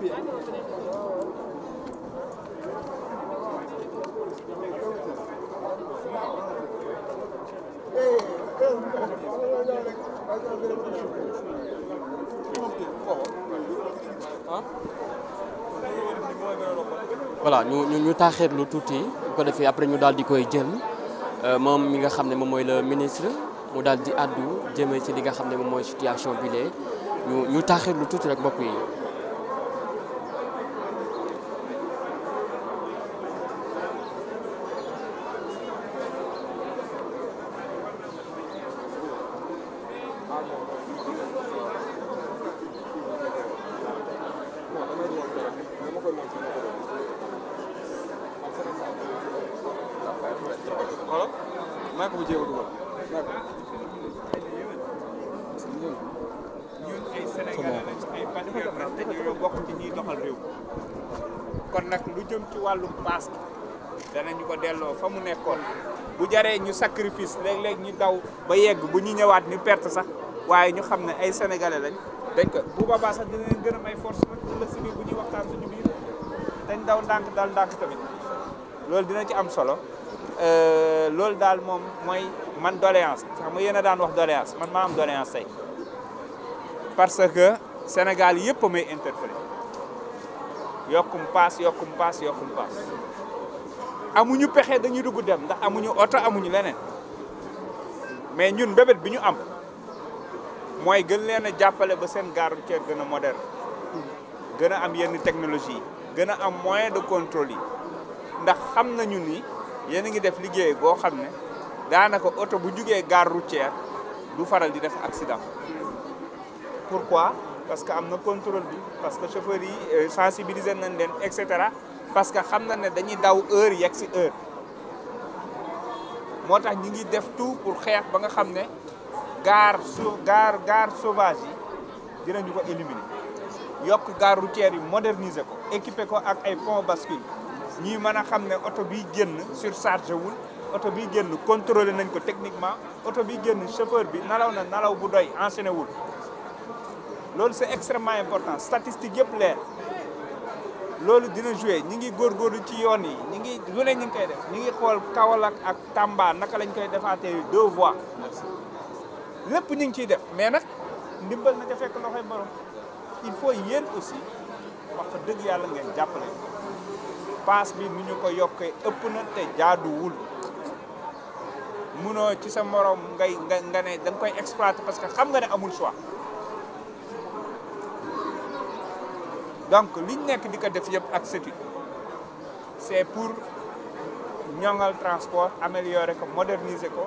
bien. voilà ñu ñu taaxeet lu tuuti bu ko defee après ñu daal di koy jël euh, moom mi nga xam ne moom mooy le ministre mu daal di àddu jëmee ci li nga xam ne moom mooy situation bi lee ñu ñu taaxeet lu tuuti rek mbokk yi. maa ko bu jéem a kon nag lu jëm ci wàllu wàllum paas ñu ko delloo fa mu nekkoon bu jaree ñu sacrifice léeg-léeg ñu daw ba yegg bu ñu ñëwaat ñu perte sax waaye ñu xam ne ay sénégalais lañ dañ ko bu boobaa sax dina leen gën a may force nag ëllëg si biir bu ñuy waxtaan suñu biir dañ daw ndànk daal ndànk tamit loolu dina ci am solo euh, loolu daal moom mooy man doléance xam nga yéen a daan wax doléance man maa am doléance tey parce que Sénégal yëpp may interpellé yokkum paas yokkum paas yokkum paas amuñu pexe dañuy dugg dem ndax amuñu oto amuñu leneen mais ñun mbébét bi ñu am mooy gën leen a jàppale ba seen gar routière gën a moderne gën a am yenn technologie gën a am moyen de contrôle yi ndax xam nañu ni yéen a ngi def liggéey boo xam ne daanaka oto bu jugee gare routière du faral di def accident pourquoi parce que am na contrôle bi parce que chauffeurs yi euh, sensibiliser nañ leen et cetera parce que xam na ne dañuy daw heure yegg si heure moo tax ñu ngi def tout pour xeex ba nga xam ne gaar su gaar gaar sauvage yi dinañu ko éliminer yokk gaar routière yi moderniser ko équiper ko ak ay pont bascule ñuy mën a xam ne oto bi génn surchargé wul oto bi génn contrôlé nañ ko techniquement oto bi génn chauffeur bi nalaw na nalaw bu doy enchaîné wul loolu c'est extrêmement important statistique yëpp leer loolu dina joué ñi ngi góorgóorlu ci yoon yi ñi ngi lu ñu ngi koy def ñi ngi xool Kaolack ak Tamba naka lañ koy defaatee deux voies lépp ñu ngi ciy def mais nag ndimbal na ca fekk loxoy borom il faut yéen aussi wax fa dëgg yàlla ngeen jàppale paas bi ni ñu ko yokkee ëpp na te jaaduwul munoo ci sa morom ngay nga nga ne da nga koy exploiter parce que xam nga ne amul choix donc liñ nekk di ko def yëpp ak CETUD c'est pour ñoŋal transport améliorer ko moderniser ko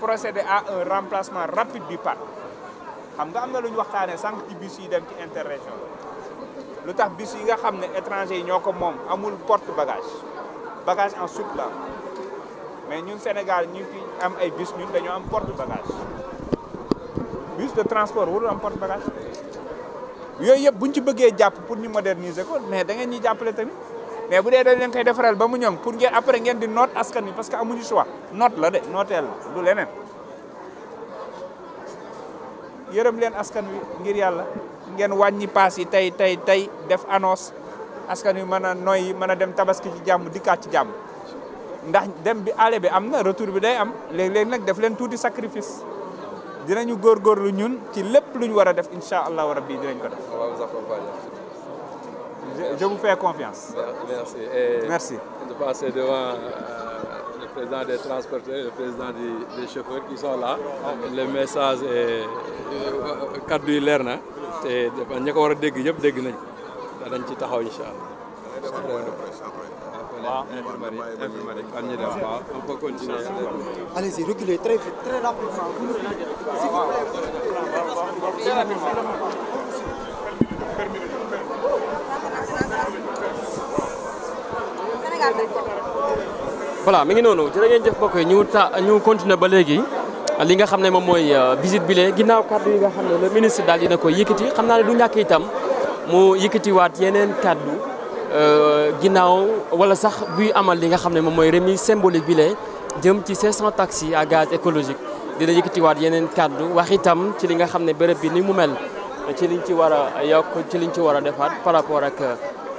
procéder à un remplacement rapide du parc xam nga am na lu ñu waxtaanee sànq ci yi dem ci interrégion lu tax bus yi nga xam ne étranger yi ñoo ko moom amul porte bagage bagage en soute-là mais ñun Sénégal ñu fi am ay bis ñun dañoo am porte bagage bus de transport warul am porte bagage yooyu yëpp bu ñu ci bëggee jàpp pour ñu moderniser ko mais da ngeen ñuy jàppale tamit. mais bu dee dañ leen koy defaral ba mu ñoŋ pour ngeen après ngeen di noot askan wi parce que amuñu choix noot la de nooteel du leneen yërëm leen askan wi ngir yàlla ngeen wàññi paas yi tey tey tey def annonce askan wi mën a noyyi mën a dem tabaski ci jàmm kaat ci jàmm ndax dem bi ale bi am na retour bi day am léeg-léeg nag def leen tuuti sacrifice dinañu góorgóorlu ñun ci lépp lu ñu war a def incha allahu rabbi dinañ ko def. Je, je, vous fais confiance. Merci. Et Merci. De passer devant euh, le président des transporteurs, le président des, chauffeurs qui sont là. Le message est euh, kaddu yi leer na te ñi ko war a dégg yëpp dégg nañ danañ ci taxaw incha allah. on peut continuer. Allez-y, voilà mi ngi noonu jërë ngeen jëf mbokk yi ñu ta ñu continuer ba léegi li nga xam ne moom mooy euh, visite bi lee ginnaaw kàddu yi nga xam ne le ministre daal dina ko yëkkati xam naane ne du ñàkk itam mu yëkkatiwaat yeneen kàddu euh, ginnaaw wala sax buy amal li nga xam ne moom mooy remi symbolique bi lee jëm ci 500 taxi à gaz écologique dina yëkkatiwaat yeneen kàddu wax itam ci li nga xam ne bërëb bi ni mu mel ci liñ ci war a yokk ci liñ ci war a defaat par rapport euh,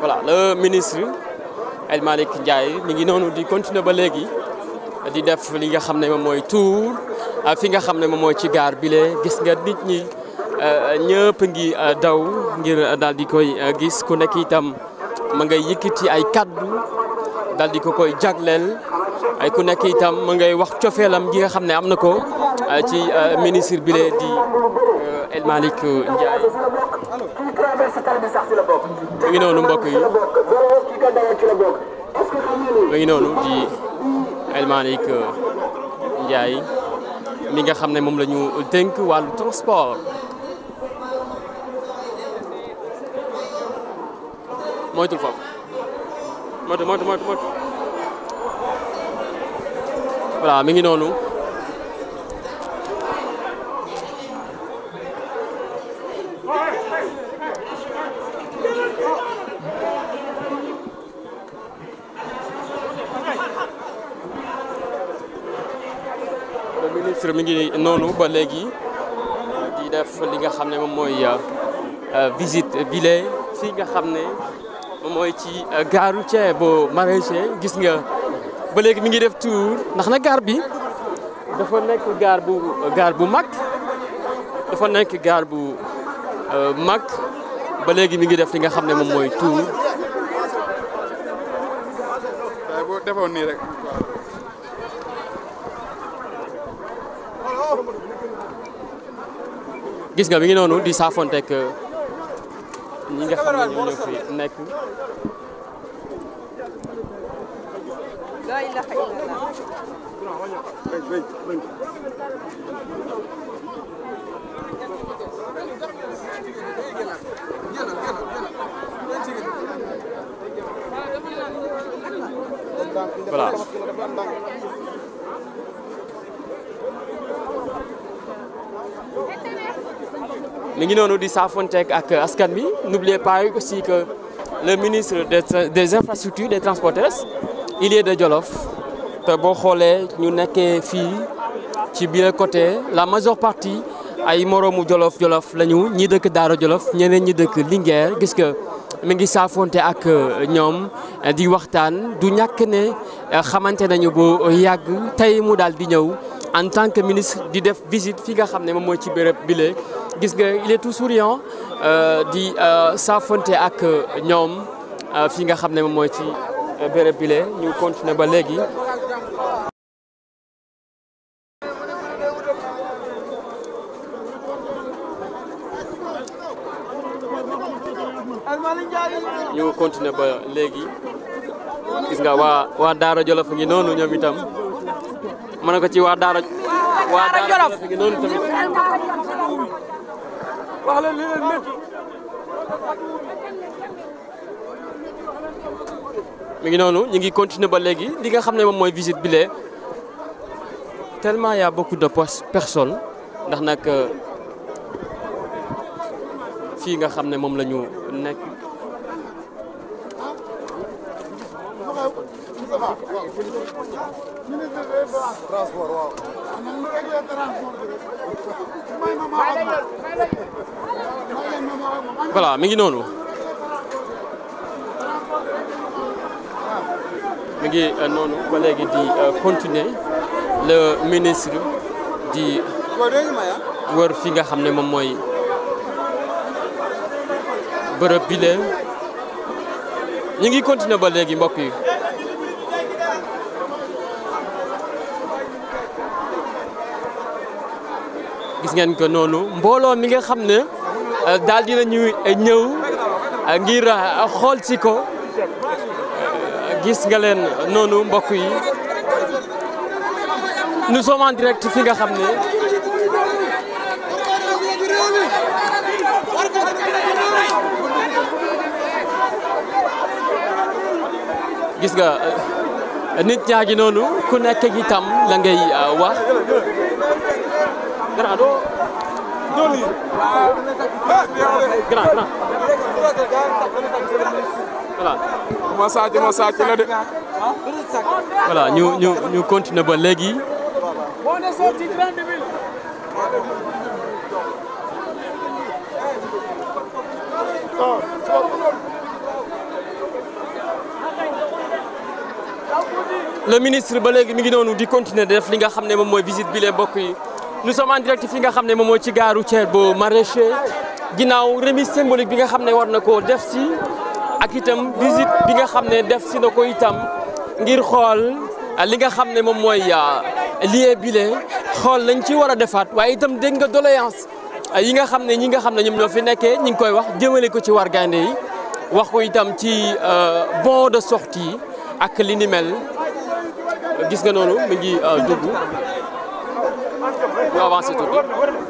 voilà le ministre ay Malick Ndiaye mi ngi noonu di continuer ba léegi di def li nga xam ne moom mooy tour fi nga xam ne moom mooy ci gaar bile gis nga nit ñi euh, ñëpp ngi euh, daw ngir daal di koy euh, gis ku nekk itam ma ngay yëkkati ay kaddu daal di ko koy jagleel ay ku nekk itam ma ngay wax cofeelam gi nga xam ne am na ko ci ministre bile di. El euh, mbokk yi mu ngi noonu euh, mi nga xam ne moom lañu ñu dénk wàllu transport moytul foofu moytu moytu moytu moytu mi ngi noonu. Carrefour mi ngi noonu ba léegi di def li nga xam ne moom mooy euh, euh, visite bile fii nga xam ne moom mooy ci euh, gare routière bu maraîcher gis nga ba léegi mi ngi def tour ndax na gare bi dafa nekk gare bu bu mag dafa nekk gare bu mag ba léegi mi ngi def li nga xam ne moom mooy tour. defoon nii rek. gis nga mi ngi noonu di saafonteeg euh, ñi nga nekk. voilà. mi ngi noonu di saafonteeg ak askan wi n'oubliez pas aussi que le ministre des infrastructures des transports terrestres il est de Jolof te boo xoolee ñu nekkee fii ci biir côté la majeure partie ay moroomu Jolof Jolof lañu ñi dëkk daaro Jolof ñeneen ñi dëkk Linguère gis nga mi ngi saafonte ak euh, ñoom euh, di waxtaan du ñàkk ne euh, xamante nañu bu yàgg tey mu daal di ñëw en tant que ministre di def visite fi nga xam ne moom mooy ci béréb bile. gis nga il est tout souriant euh, di euh, saafonte ak ñoom euh, fi nga xam ne moom mooy ci béréb bile ñu continuer ba léegi. ñu continuer ba léegi gis nga waa waa Daara Jolof ngi noonu ñoom itam mën na ko ci waa Daara. waa Daara Jolof ngi noonu tamit. wax ngi noonu ñu ngi continuer ba léegi li nga xam ne moom mooy visite bi lee yaa y a beaucoup de personnes ndax nag euh, fii nga xam ne moom la ñu nekk ministre mi ngi noonu. mi ngi euh, noonu ba léegi di euh, continuer le ministre di wër fi nga xam ne moom mooy bërëb bi leen ñu ngi continuer ba léegi mbokk yi. gis ngeen ko noonu mbooloo mi nga xam ne euh, daal dina euh, ñëw euh, ngir xool si ko gis nga leen noonu mbokk yi nous sommes en direct fi nga xam ne gis nga nit ñaa ngi noonu ku nekk itam la ngay wax grand doo la ñu ñu ba léegi. le ministre ba léegi mi ngi noonu di continuer def li nga xam ne moom mooy visit bi les mbokk yi. nous sommes en direct fi nga xam ne moom mooy ci gaaru routière bu maraîcher ginnaaw remise symbolique bi nga xam ne war na koo def si ak itam visite bi nga xam ne def si na ko itam ngir xool ah, li nga xam ne moom mooy ah, lieu bile xool lañ ci war a defaat waaye itam dégg nga doléance ah, yi nga xam ne ñi nga xam ne ñoom ñoo fi nekkee ñi ngi koy wax jëmale ko ci wargaande yi wax ko itam ci euh, bon de sortie ak li ni gis nga noonu mu ngi euh, dugg ñu avancer tuuti